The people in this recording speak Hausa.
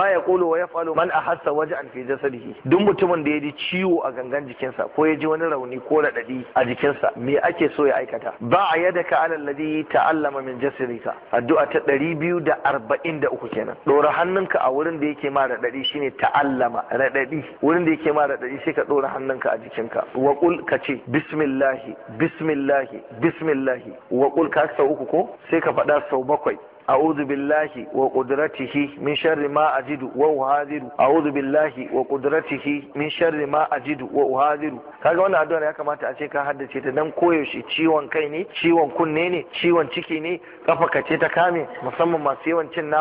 ma ya kulu wa ya falu man ahassa an fi jasadihi duk mutumin da ya ji ciwo a gangan jikinsa ko ya ji wani rauni ko raɗaɗi a jikinsa me ake so ya aikata ba a yadda ka alal ta'allama min jasadika addu'a ta ɗari biyu da arba'in da uku kenan ɗora hannunka a wurin da yake ma raɗaɗi shine ta'allama raɗaɗi wurin da yake ma raɗaɗi sai ka ɗora hannunka a jikinka wa kul ka ce bismillahi bismillahi bismillahi wa kul ka sau uku ko sai ka faɗa sau bakwai أعوذ بالله وقدرته من شر ما أجد وأهاذر أعوذ بالله وقدرته من شر ما أجد وأهاذر kaga wannan addu'a ya kamata a ce ka haddace ta dan koyaushe ciwon kai ne ciwon kunne ne ciwon ciki ne kafa kace ta kame musamman masu yawan cin nama